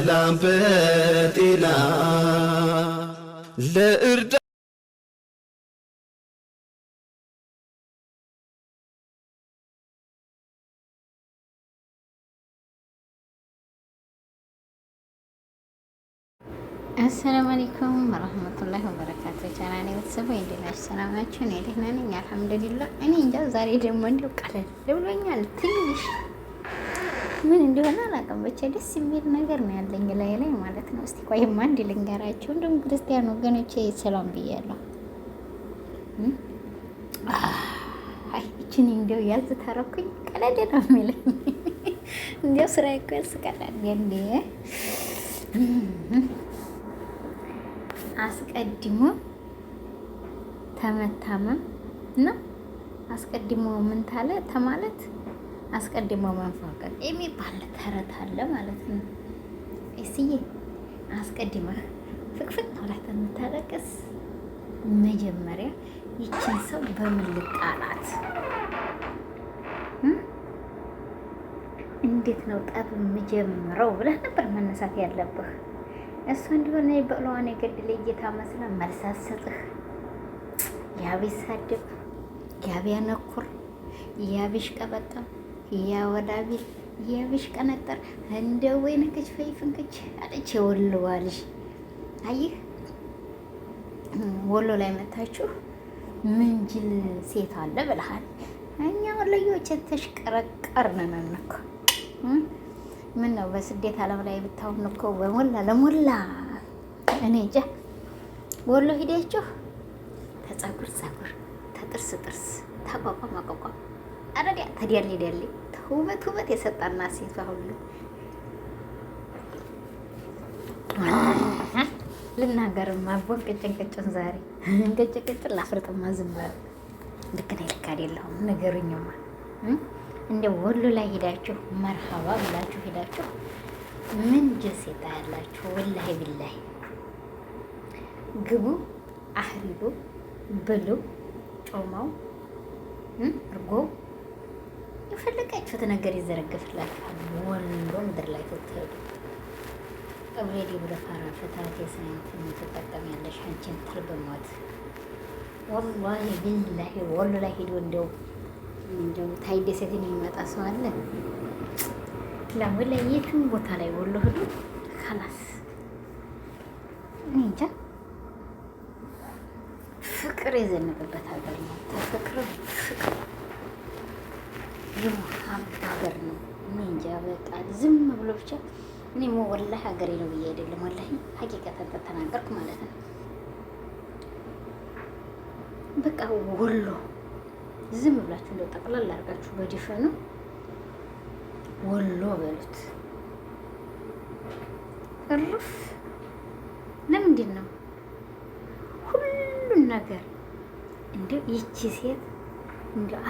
በሰላም በጤና ለእርዳ አሰላሙ አለይኩም ወራህመቱላሂ ወበረካቱ። ቻናሌ ቤተሰቦች እንዴት ናችሁ? ሰላም ናችሁ? እኔ ደህና ነኝ አልሐምዱሊላህ። እኔ እንጃ ዛሬ ደግሞ እንደው ቀለል ብሎኛል ትንሽ ምን እንደሆነ አላውቅም። ብቻ ደስ የሚል ነገር ነው ያለኝ ላይ ላይ ማለት ነው። እስቲ ቆይ አንድ ልንገራችሁ። እንዲሁም ክርስቲያን ወገኖቼ ሰላም ብያለሁ። ይችን እንደው ያዝ ታረኩኝ ቀለል ነው የሚለኝ እንዲያው ስራ እኮ ያስቀላል እንዴ አስቀድሞ ተመታመም እና አስቀድሞ ምን ታለ ተማለት አስቀድሞ ማንፏቀር የሚባል ተረት አለ ማለት ነው። እስዬ አስቀድመህ ፍቅፍቅ ብለህ የምታለቅስ መጀመሪያ ይችን ሰው በምን ልጣላት? እንዴት ነው ጠብ የምጀምረው ብለህ ነበር መነሳት ያለብህ። እሱ እንደሆነ የበቅለዋን የገድል እየታ መስላ መልስ አትሰጥህ። ያቤ ሳድብ፣ ያቤ ያነኩር፣ ያቤሽ ቀበጠም ያወዳቢል የብሽ ቀነጠር እንደ ወይን ክች ፈይ ፍንክች አለች ወሎ ላይ መታችሁ ምንጅል ሴት አለ ብለሃል። እኛ ወሎዬዎች ነን እኮ። ምን ነው በስደት ዓለም ላይ ብታውን እኮ በሞላ ለሞላ እኔ እንጃ ወሎ ሂዳችሁ ተጸጉር ጸጉር ተጥርስ ጥርስ ተቋቋም አቋቋም አረዲ ታዲያ እንሄዳለን። ውበት ውበት የሰጣና ሴቷ ሁሉ ልናገርም አቦን ቅጭንቅጭን ዛሬ ቅጭቅጭን ላፍርጥማ ዝም በሉ። ልክ ነኝ ልክ አይደለሁም ነገሩኝማ። እንደ ወሎ ላይ ሄዳችሁ መርሀባ ብላችሁ ሄዳችሁ ምን ጀስ የታያላችሁ? ወላሂ ቢላሂ ግቡ፣ አህሪቡ፣ ብሉ፣ ጮማው እርጎ የፈለጋችሁት ነገር ይዘረግፍላችኋል። ወሎ ምድር ላይ ትትሄዱ ቀብሬዲ ብለፋራ ፈታት የስናያትን ትጠቀሚያለሽ አንቺን ትርብሟት። ወላሂ ቢላሂ ወሎ ላይ ሄዶ እንደው እንደው ታይደሴት የሚመጣ ሰው አለ ለወላ የትም ቦታ ላይ ወሎ ሄዶ ካላስ እንጃ ፍቅር የዘነበበት ሀገር ነው። ፍቅር ፍቅር የመሀም ሀገር ነው። እኔ እንጃ በጣም ዝም ብሎ ብቻ እኔ ሞ ወላሂ ሀገሬ ነው ብዬ አይደለም ወላሂ ሀቂቀተን ተናገርኩ ማለት ነው። በቃ ወሎ ዝም ብላችሁ እንደው ጠቅላላ አድርጋችሁ በዲፈኑ ወሎ በሉት። እርፍ ለምንድን ነው ሁሉን ነገር እንዲያው ይቺ ሴት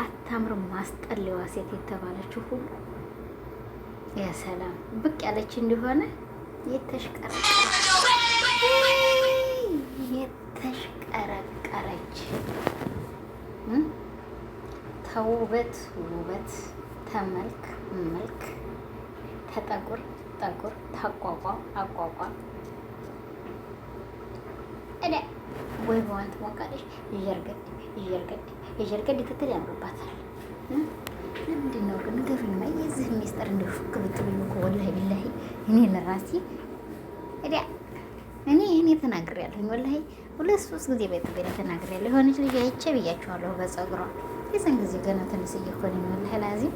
አታምር ማስጠሌዋ ሴት የተባለችው ሁሉ የሰላም ብቅ ያለች እንደሆነ የተሽቀረቀረች ተውበት ውበት ተመልክ መልክ ተጠጉር ጠጉር ታቋቋም አቋቋም እኔ ወይ በዋንት ሞቃለች እየርገድ እየርገድ የሸርቀ ድክትል ያምርባታል። ለምንድን ነው ግን ገፍኝማ የዚህ ሚስጥር እንደ ፉክ ብትሉኝ እኮ ወላሂ ቢላሂ እኔ ለራሴ እዲያ እኔ የተናግር ያለሁኝ ወላሂ ሁለት ሶስት ጊዜ ተናግር ያለሁ የሆነች ልጅ አይቼ ብያቸዋለሁ በጸጉሯ የዘን ጊዜ ገና ተነስዬ እኮ ነኝ ወላሂ ላዚም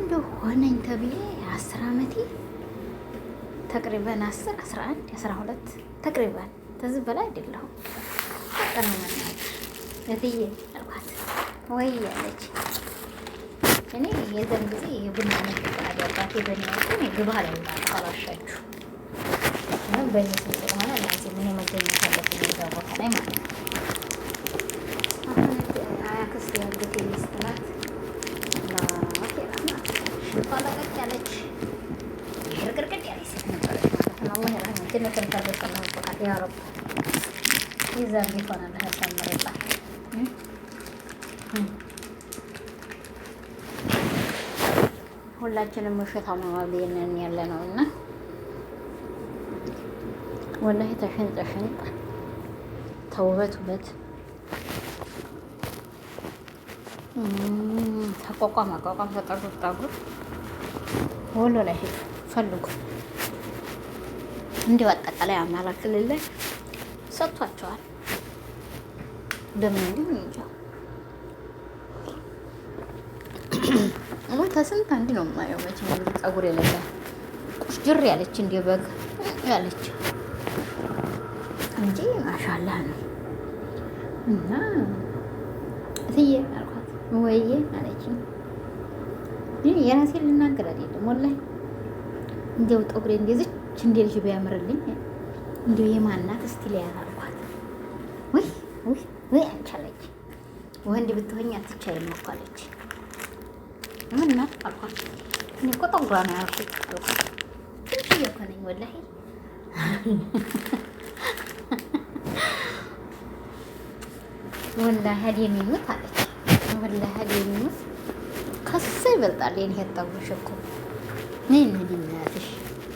እንደ ሆነኝ ተብዬ አስር አመቴ ተቅሪበን አስር አስራ አንድ አስራ ሁለት ተቅሪበን ተዚህ በላይ አይደለሁም። ሀቅ ነው መናገር እትዬ አልኳት ወይ ያለች እኔ የዛን ጊዜ የቡና ንግድ ባል ያባት በሚያወጡ ግባ ላይ ባላሻችሁ ምን በየት ስለሆነ ለዚ ምን መገኘት አለብኝ እዛ ቦታ ላይ ማለት ነው። አያክስት ያሉት የሚስትናት ሽቋለቀቅ ያለች ቅርቅርቅድ ያለች ሴት ነበረች ማለት ጀነትን ተርበቀ ያ ረብ ይዘር ቢሆንና ያሳምርባት ሁላችንም ውሸታማ ማብሌነን ያለ ነው እና ወላሂ ተሽንጠ ሽንጥ ተውበት ውበት ተቋቋም አቋቋም ተጠጉር ጠጉር ወሎ ላይ ሄዱ ፈልጉ እንዲሁ አጠቃላይ አማራ ክልል ላይ እንደምን እንዲህ እንጃ እሞ ተስንት አንድ ነው የማየው። መቼም እንግዲህ ፀጉር የለለ ቁሽጅር ያለች እንደ በግ ያለች እንጂ ማሻላህ ነው። እና እትዬ አልኳት ወይዬ አለችኝ። ልናገር አይደለም ወላሂ እንዲያው ጠጉሬ እንደዚች እንደ ልጅ ቢያምርልኝ እንዲያው የማናት እስቲ አንቺ አለች። ወንድ ብትሆኝ አትቻይም እኮ አለች። ምን ነው አልኳት። እኔ እኮ ጠጉራ ነው ያልኩት አልኳት። ትንሽዬ እኮ ነኝ ወላሂ ወላሂ ሀድ የሚሉት አለች። ወላሂ ሀድ የሚሉት ከእሷ ይበልጣል የእኔ ጠጉርሽ እኮ ነይ እንሂድ እናያትሽ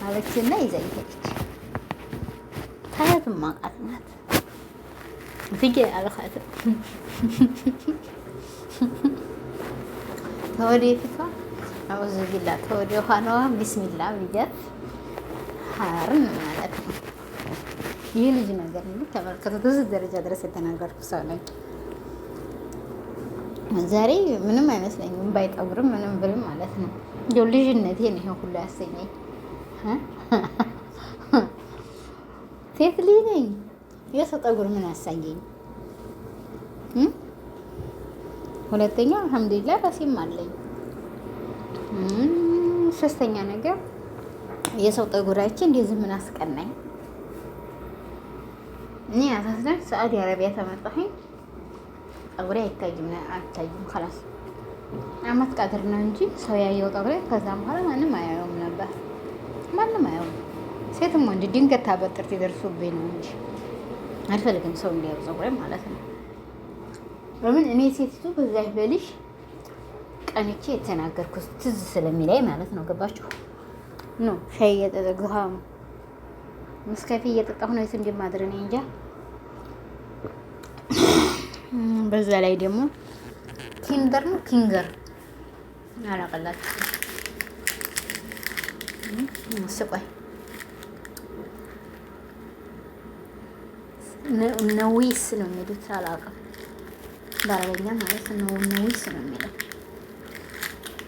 አለችና ይዘኝ ሄደች። ታያትም አውቃት ናት ብዬ አልኳትም። ተወዲህ ፊቷ አውዙ ቢላ ተወዲህ ኋላዋ ቢስሚላ ብያት ሀርን ማለት ነው። ይህ ልጅ ነገር እንግዲህ ተመልከቱት። ብዙ ደረጃ ድረስ የተናገርኩ ሰው ነኝ። ዛሬ ምንም አይመስለኝም ባይጠጉርም ምንም ብልም ማለት ነው። እንደው ልጅነቴ ነው ይሄን ሁሉ ያሰኘኝ። ሴት ልጅ ነኝ የሰው ጠጉር ምን አሳየኝ? ሁለተኛ አልሐምዱሊላ ራሴም አለኝ። ሶስተኛ ነገር የሰው ጠጉራችን እንደዚህ ምን አስቀናኝ? እኔ አሳስነን ሳዑዲ አረቢያ ተመጣሁኝ ጠጉሬ አይታይም አልታይም። ከላስ አመት ቃድር ነው እንጂ ሰው ያየው ጠጉሬ ከዛም በኋላ ማንም አያየውም ነበር። ማንም አያየውም። ሴትም ወንድ ድንገት ታበጥርት ይደርሱብኝ ነው እንጂ አልፈልግም ሰው እንዲያው ፀጉሬን ማለት ነው። በምን እኔ ሴቲቱ በዛ በልሽ ቀንቼ የተናገርኩት ትዝ ስለሚላይ ማለት ነው። ገባችሁ ኖ ሻይ እየጠጠግሃ መስካፊ እየጠጣሁ ነው። የት እንደማድር እኔ እንጃ። በዛ ላይ ደግሞ ኪንደር ነው ኪንገር አላቀላችሁ ስቆይ ነዊስ ነው የሚሉት አላውቅም፣ በአረበኛ ማለት ነው። ነዊስ ነው የሚለው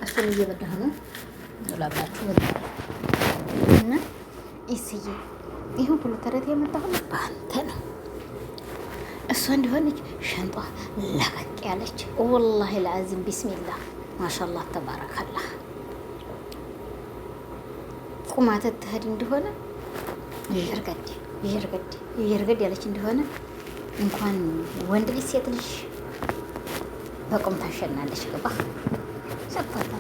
እሱን እየበዳሁ ነው። ላባችሁ እና እስዬ ይህ ሁሉ ተረት የመጣሁት በአንተ ነው። እሷ እንዲሆነች ሸንጧ ለቀቅ ያለች ወላሂ ለአዚም ቢስሚላህ ማሻላህ ተባረካላህ ቁማተት ትህድ እንደሆነ ይርገድ ይርገድ ይርገድ ያለች እንደሆነ እንኳን ወንድ ልጅ ሴት ልጅ በቁም ታሸናለች። ገባ ሰጥቷታ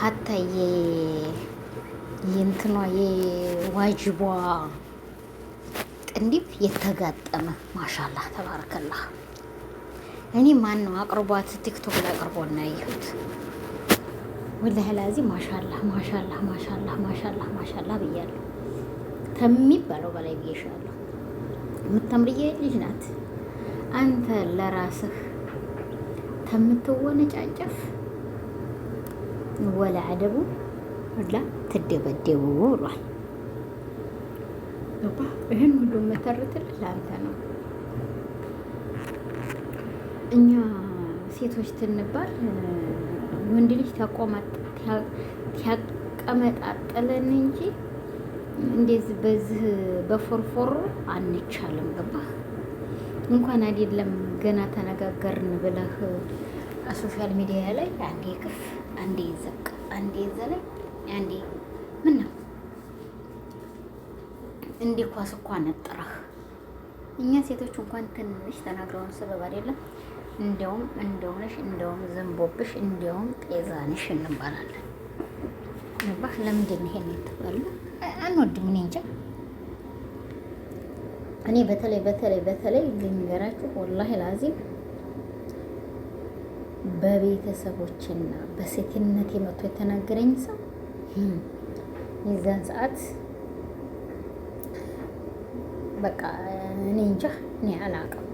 ሀታ የእንትኗ የዋጅቧ ቅንዲብ የተጋጠመ ማሻላህ ተባረከላህ እኔ ማን ነው አቅርቧት ቲክቶክ ላይ አቅርቦ እናየሁት ያየሁት ወላሂ ማሻላህ ማሻላህ ማሻላህ ማሻላህ ማሻላ ማሻላ ብያለሁ ከሚባለው በላይ ብዬሻለሁ። የምታምርዬ ልጅ ናት። አንተ ለራስህ ከምትወነጫጨፍ ወላ አደቡ ወላ ትደበደቡ ብሏል። ገባ። ይህን ሁሉ የምተርትልህ ለአንተ ነው። እኛ ሴቶች ትንባል ወንድ ልጅ ታቆማት ያቀመጣጠለን እንጂ እንደዚህ በዚህ በፎርፎር አንቻልም። ገባህ? እንኳን አይደለም ገና ተነጋገርን ብለህ ሶሻል ሚዲያ ላይ አንዴ ክፍ፣ አንዴ ዘቅ፣ አንዴ ዘለኝ፣ አንዴ ምን ነው እንዴ ኳስ እኮ አነጥረህ እኛ ሴቶች እንኳን ትንሽ ተናግረውን ስበብ አይደለም እንደውም እንደውነሽ እንደውም ዘንቦብሽ እንደውም ጤዛንሽ እንባላለን። ባህ ለምንድን ይሄን የተባለ አንወድም። እኔ እንጃ እኔ በተለይ በተለይ በተለይ ልንገራችሁ ወላሂ ላዚም በቤተሰቦችና በሴትነት የመቶ የተናገረኝ ሰው የዛን ሰዓት በቃ እኔ እንጃ እኔ አላውቅም።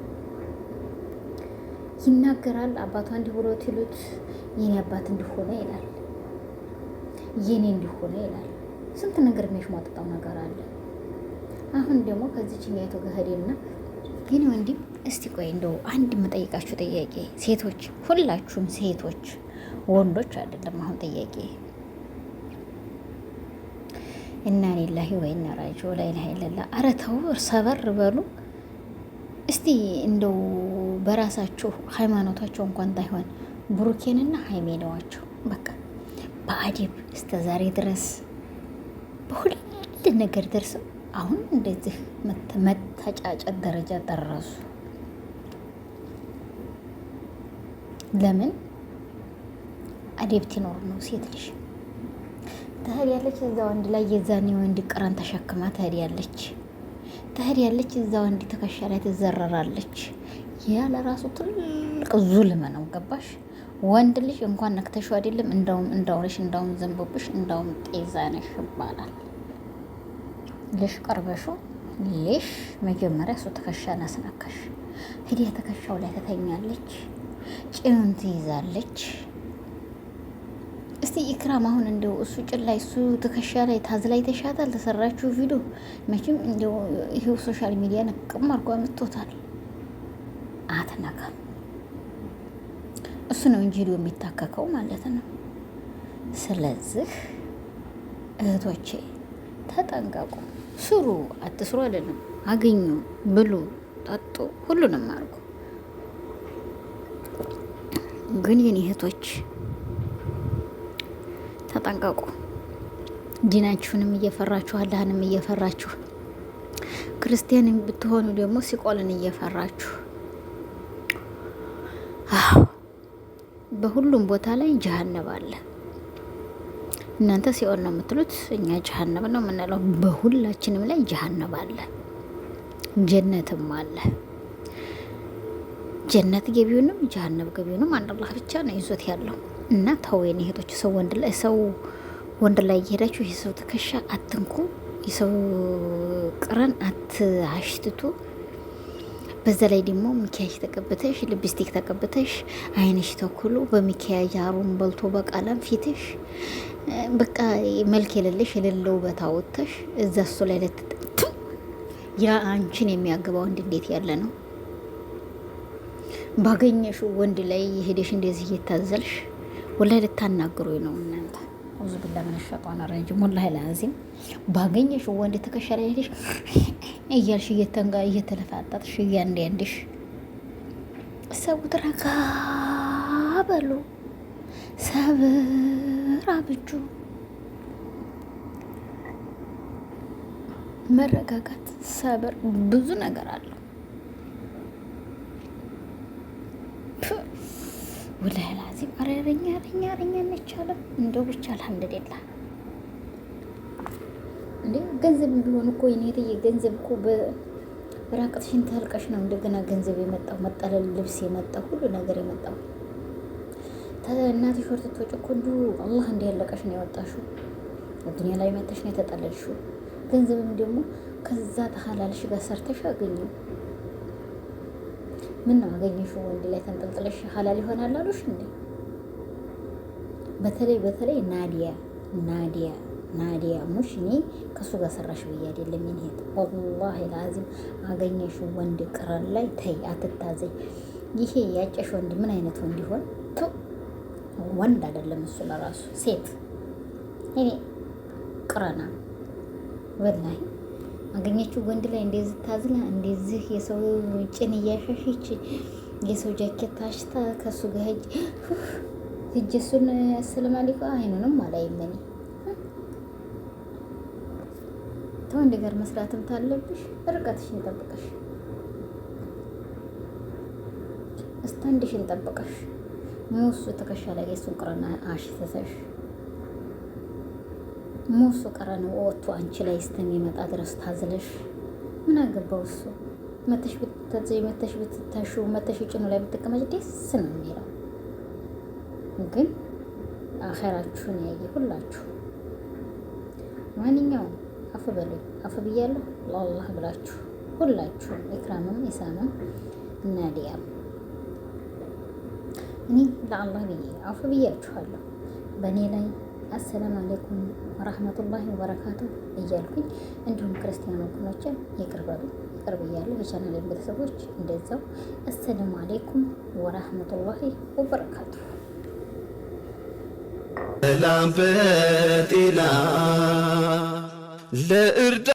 ይናገራል አባቷ እንዲህ ብሎት ይሉት የኔ አባት እንዲሆነ ይላል የኔ እንዲሆነ ይላል ስንት ነገር የሚያሽሟጥጠው ነገር አለ። አሁን ደግሞ ከዚችኛ የተገህዴና ግን ወንድም እስቲ ቆይ እንደው አንድ የምጠይቃችሁ ጥያቄ ሴቶች፣ ሁላችሁም ሴቶች ወንዶች አይደለም። አሁን ጥያቄ እና ሌላሂ ወይና ራጆ ላይ ለላ ኧረ ተው ሰበር በሉ እስቲ እንደው በራሳችሁ ሃይማኖታቸው እንኳን ታይሆን ብሩኬንና ሀይሜ ነዋቸው በቃ በአዲብ እስከ ዛሬ ድረስ በሁሉ ነገር ደርሰው አሁን እንደዚህ መታጫጨት ደረጃ ደረሱ። ለምን አዴብት ይኖር ነው? ሴት ልጅ ያለች እዛ ወንድ ላይ የዛኔ ወንድ ቅራን ተሸክማ ትሄዳለች። ያለች እዛ ወንድ ትከሻ ላይ ትዘረራለች። ያ ለራሱ ትልቅ ዙልመ ነው። ገባሽ? ወንድ ልጅ እንኳን ነክተሹ አይደለም እንዳውም እንዳውረሽ እንዳውም ዘንቦብሽ እንዳውም ጤዛ ነሽ ይባላል። ልሽ ቀርበሹ ልሽ መጀመሪያ እሱ ትከሻ ናስነካሽ ሂዲ ትከሻው ላይ ትተኛለች፣ ጭኑን ትይዛለች። እስቲ ኢክራም አሁን እንደው እሱ ጭን ላይ እሱ ትከሻ ላይ ታዝ ላይ ተሻታል ተሰራችሁ ቪዲዮ መቼም እንደው ይሄው ሶሻል ሚዲያ ነቅም አድርጓ ምቶታል አትነካም እሱ ነው እንጂ ሄዶ የሚታከከው ማለት ነው። ስለዚህ እህቶቼ ተጠንቀቁ፣ ስሩ፣ አትስሩ አይደለም፣ አግኙ፣ ብሉ፣ ጠጡ፣ ሁሉንም አድርጉ። ግን የኔ እህቶች ተጠንቀቁ። ዲናችሁንም እየፈራችሁ አላህንም እየፈራችሁ ክርስቲያንን ብትሆኑ ደግሞ ሲቆልን እየፈራችሁ በሁሉም ቦታ ላይ ጀሀነብ አለ። እናንተ ሲኦል ነው የምትሉት፣ እኛ ጀሀነብ ነው የምንለው። በሁላችንም ላይ ጀሀነብ አለ፣ ጀነትም አለ። ጀነት ገቢውንም ጀሀነብ ገቢውንም አንድ አላህ ብቻ ነው ይዞት ያለው እና ታወይን እህቶች፣ ሰው ወንድ ላይ ሰው ወንድ ላይ እየሄዳችሁ የሰው ትከሻ አትንኩ፣ የሰው ቅረን አትአሽትቱ። በዛ ላይ ደግሞ ሚኪያጅ ተቀብተሽ ልብስቲክ ተቀብተሽ አይንሽ ተኩሎ በሚኪያጅ አሩን በልቶ በቃላም ፊትሽ በቃ መልክ የሌለሽ የሌለ ውበት አወጥተሽ እዛ እሱ ላይ ለትጠትም ያ አንቺን የሚያገባ ወንድ እንዴት ያለ ነው? ባገኘሹ ወንድ ላይ የሄደሽ እንደዚህ እየታዘልሽ ወላይ ልታናግሩ ነው እናንተ። አውዙ ብላ ምን ሸጧን አረጅም ላዚም ባገኘሽ ወንድ ተከሻ ሄደሽ እያልሽ እየተንጋ እየተለፋጠጥሽ እያንዳንድሽ ሰውት ረጋ በሉ ሰብር አብጁ መረጋጋት ሰብር ብዙ ነገር አለው። ወላሂ ላዚም አረረኛ ረኛ ረኛ እንቻለም እንደው ብቻ አልሐምዱሊላህ እንዴ ገንዘብ ቢሆን እኮ የኔትዬ ገንዘብ እኮ በራቅትሽን ታልቀሽ ነው እንደገና ገንዘብ የመጣው መጠለል፣ ልብስ የመጣው ሁሉ ነገር የመጣው እና ቲሸርት ትወጪ እኮ እንዱ አላህ እንዲ ያለቀሽ ነው ያወጣሽው። ዱኒያ ላይ መተሽ ነው የተጠለልሽው። ገንዘብም ደግሞ ከዛ ተሀላልሽ ጋር ሰርተሽ አገኘ ምን ነው አገኘሽው? ወንድ ላይ ተንጠልጥለሽ ሀላል ይሆናል አሉሽ እንዴ? በተለይ በተለይ ናዲያ ናዲያ ናዲያ ሙሽ እኔ ከእሱ ጋር ሰራሽ ብዬ አይደለም ይሄድ ወላሂ ላዚም አገኘሽ ወንድ ቅረን ላይ ተይ አትታዘኝ። ይሄ ያጨሽ ወንድ ምን አይነት ወንድ ይሆን? ቱ ወንድ አይደለም እሱ ለራሱ ሴት እኔ ቅረና ወላሂ አገኘችው ወንድ ላይ እንደዚህ ታዝላ እንደዚህ የሰው ጭን እያሸሸች የሰው ጃኬት አሽታ ከእሱ ጋር ሂጅ ሂጅ እሱን አሰላም አለይኩም አይኑንም አላይም እኔ ከወንድ ጋር መስራትም ታለብሽ ርቀትሽን ጠብቀሽ ስታንድሽን ጠብቀሽ ሙሱ ትከሻ ላይ የሱን ቅረና አሽተተሽ ሙሱ ቀረን ወጥቶ አንቺ ላይ እስከሚመጣ ድረስ ታዝለሽ ምን አገባው እሱ መተሽ ብትተዘይ መተሽ ብትታሹ መተሽ ጭኑ ላይ ብትቀመጭ ደስ ነው የሚለው። ግን አኸራችሁን ያየ ሁላችሁ ማንኛውም አፍ በሉኝ። አፍ ብያለሁ ለአላህ ብላችሁ ሁላችሁም ኢክራምም ኢሳምም እና ዲያም እኔ ለአላህ ብዬ አፍ ብያችኋለሁ። በእኔ ላይ አሰላም አለይኩም ወራህመቱላሂ ወበረካቱ እያልኩኝ እንዲሁም ክርስቲያን ወገኖችን ይቅርበሉ በሉ ይቅር ብያለሁ። ቤተሰቦች እንደዛው አሰላሙ አለይኩም ወራህመቱላሂ ወበረካቱ። ሰላም በጤና ለእርዳ